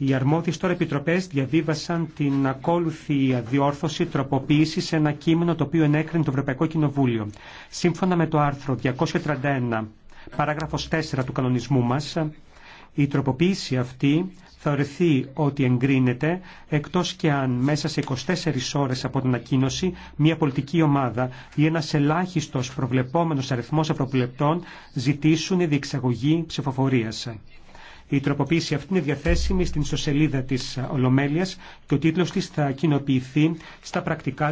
Οι αρμόδιε τώρα επιτροπέ διαβίβασαν την ακόλουθη διόρθωση τροποποίηση σε ένα κείμενο το οποίο ενέκρινε το Ευρωπαϊκό Κοινοβούλιο. Σύμφωνα με το άρθρο 231, παράγραφος 4 του κανονισμού μας, η τροποποίηση αυτή θα ορεθεί ότι εγκρίνεται εκτός και αν μέσα σε 24 ώρες από την ανακοίνωση μια πολιτική ομάδα ή ένας ελάχιστος προβλεπόμενος αριθμός ευρωβουλευτων ζητήσουν διεξαγωγή ψηφοφορίας. Η τροποποίηση αυτή είναι διαθέσιμη στην ιστοσελίδα της Ολομέλειας και ο τίτλος της θα κοινοποιηθεί στα πρακτικά